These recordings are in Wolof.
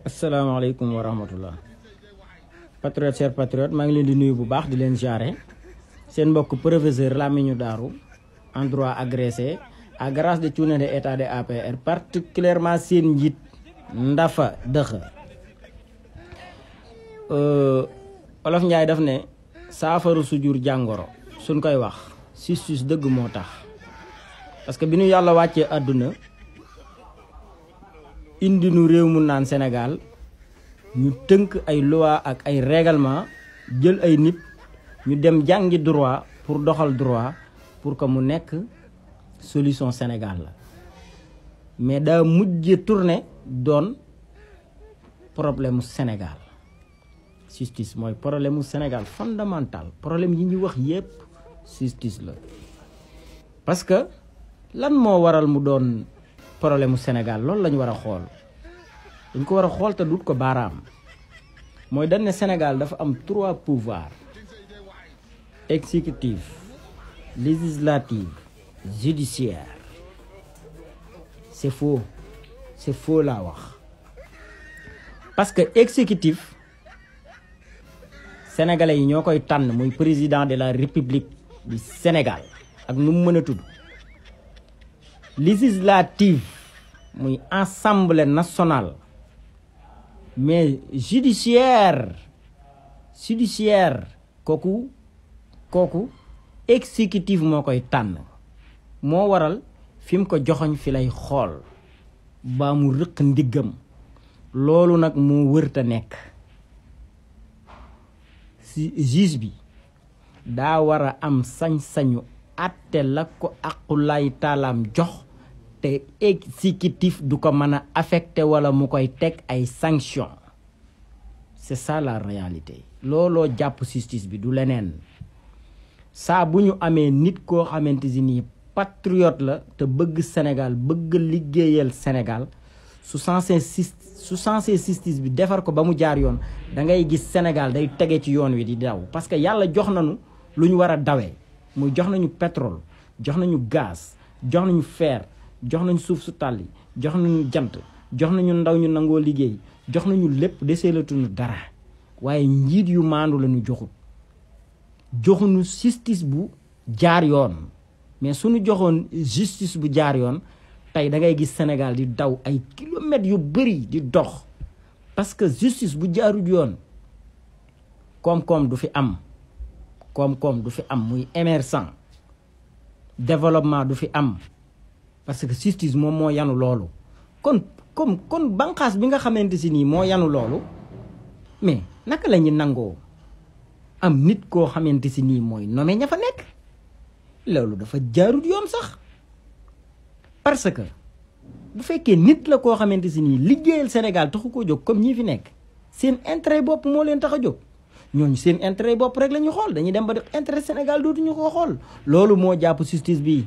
Assalamualaikum warahmatullah. Patriot patriote cher patriote maa ngi leen di nuyu bu baax di leen jaare seen mbokk professeur Lamine Darou en droit agressé à grâce de cuune de état de APR particulièrement seen njiit Ndafa Dëxa euh, Olof Njaay daf ne saafaru sujur jàngoro suñ koy wax sis sis dëgg moo tax parce que bi ñu yàlla wàccee indi nu rew mu nan senegal ñu teunk ay loi ak ay règlement jël ay nit ñu dem jangi droit pour doxal droit pour que mu nek solution senegal la mais da mujjé tourner don problème senegal justice problème fondamental problème yi ñi wax yépp justice la parce que lan mo waral mu doon problème au Sénégal c'est ce que nous a xool Nous ko war que xool te dut ko Sénégal dafa am trois pouvoirs exécutif législatif judiciaire c'est faux c'est faux là wax parce que exécutif sénégalais yi ñoo koy président de la république du Sénégal ak nu mu muy assemblée nationale mais judiciaire judiciaire kooku kooku exécutif moo koy tànn moo waral fim ko joxoñ fi lay xool baa mu rëq ndiggam loolu nag moo wërta nekk si juge bi daa war a am sañ-sañu àtte la ko aqulay taalaam jox te exécutif du ko mën affecté wala mu koy c'est ça la réalité lolo japp justice bi du lenen sa buñu amé nit patriote la te bëgg Sénégal bëgg Sénégal su bi defar ko ba jaar yoon da ngay gis Sénégal day ci yoon wi di daw parce que yalla jox nañu lu wara jox nañu pétrole jox gaz jox fer jox nañ suuf su tàlli jox nañu jant jox nañu ndaw ñu nangoo liggéey jox nañu lépp deseelatuñu dara waaye njiit yu maandu lañu joxut joxuñu justice bu jaar yoon mais suñu joxoon justice bu jaar yoon tey da ngay gis Sénégal di daw ay kilomètres yu bëri di dox parce que justice bu jaarut yoon koom-koom du fi am koom-koom du fi am muy émergent développement du fi am parce que justice moom moo yanu loolu kon comme kon banqaas bi nga xamante si nii moo yanu loolu mais naka la ñu nangoo am nit koo xamante si nii mooy nome ña fa nekk loolu dafa jaarut yoon sax parce que bu fekkee nit la koo xamante si nii liggéeyal Sénégal taxu koo jóg comme ñii fi nekk seen intérêt bopp moo leen tax a jóg ñooñu seen intérêt bopp rek la ñu xool dañuy dem ba def intérêt Sénégal dootuñu ko xool loolu moo jàpp justice bii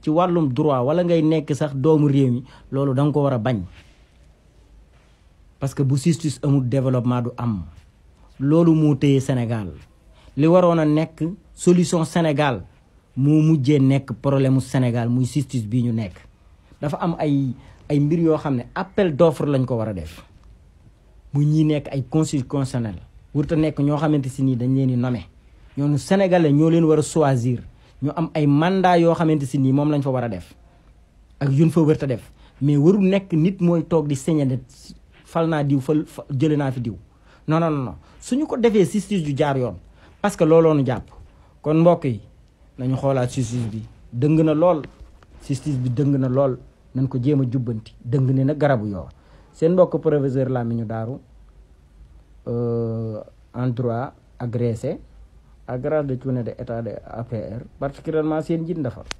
ci wàllum droit wala ngay nekk sax doomu réew mi loolu da nga ko war a bañ parce que bu justice amul développement du am loolu moo téye Sénégal li waroon a nekk solution Sénégal mu mujjee nekk problème mu Sénégal muy justice bii ñu nekk dafa am ay ay mbir yoo xam ne appel d'offre lañ ko war a def mu ñi nekk ay conseil constitutionnel wurta nekk ñoo xamante si nii dañ leen di nommer ñoonu sénégalais ñoo leen war a choisir ñu am ay mandat yoo xamante si nii moom lañ fa war a def ak yun fa wërta def mais warul nekk nit mooy toog di señale fal naa diw fal jële naa fi diw non non su ñu ko defee justice ju jaar yoon parce que looloonu jàpp kon mbokk yi nañu xoolaat justice bi dëng na lool justice bi dëng na lool nañ ko jéem a jubbanti dëng ne na garabu yoo seen mbokk professeur ñu daaru euh, en droit agressé à grande tournée de état de APR particulièrement seen njiit Ndafar